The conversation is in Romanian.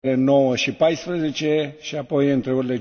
nouă și paisprezece și apoi între orele.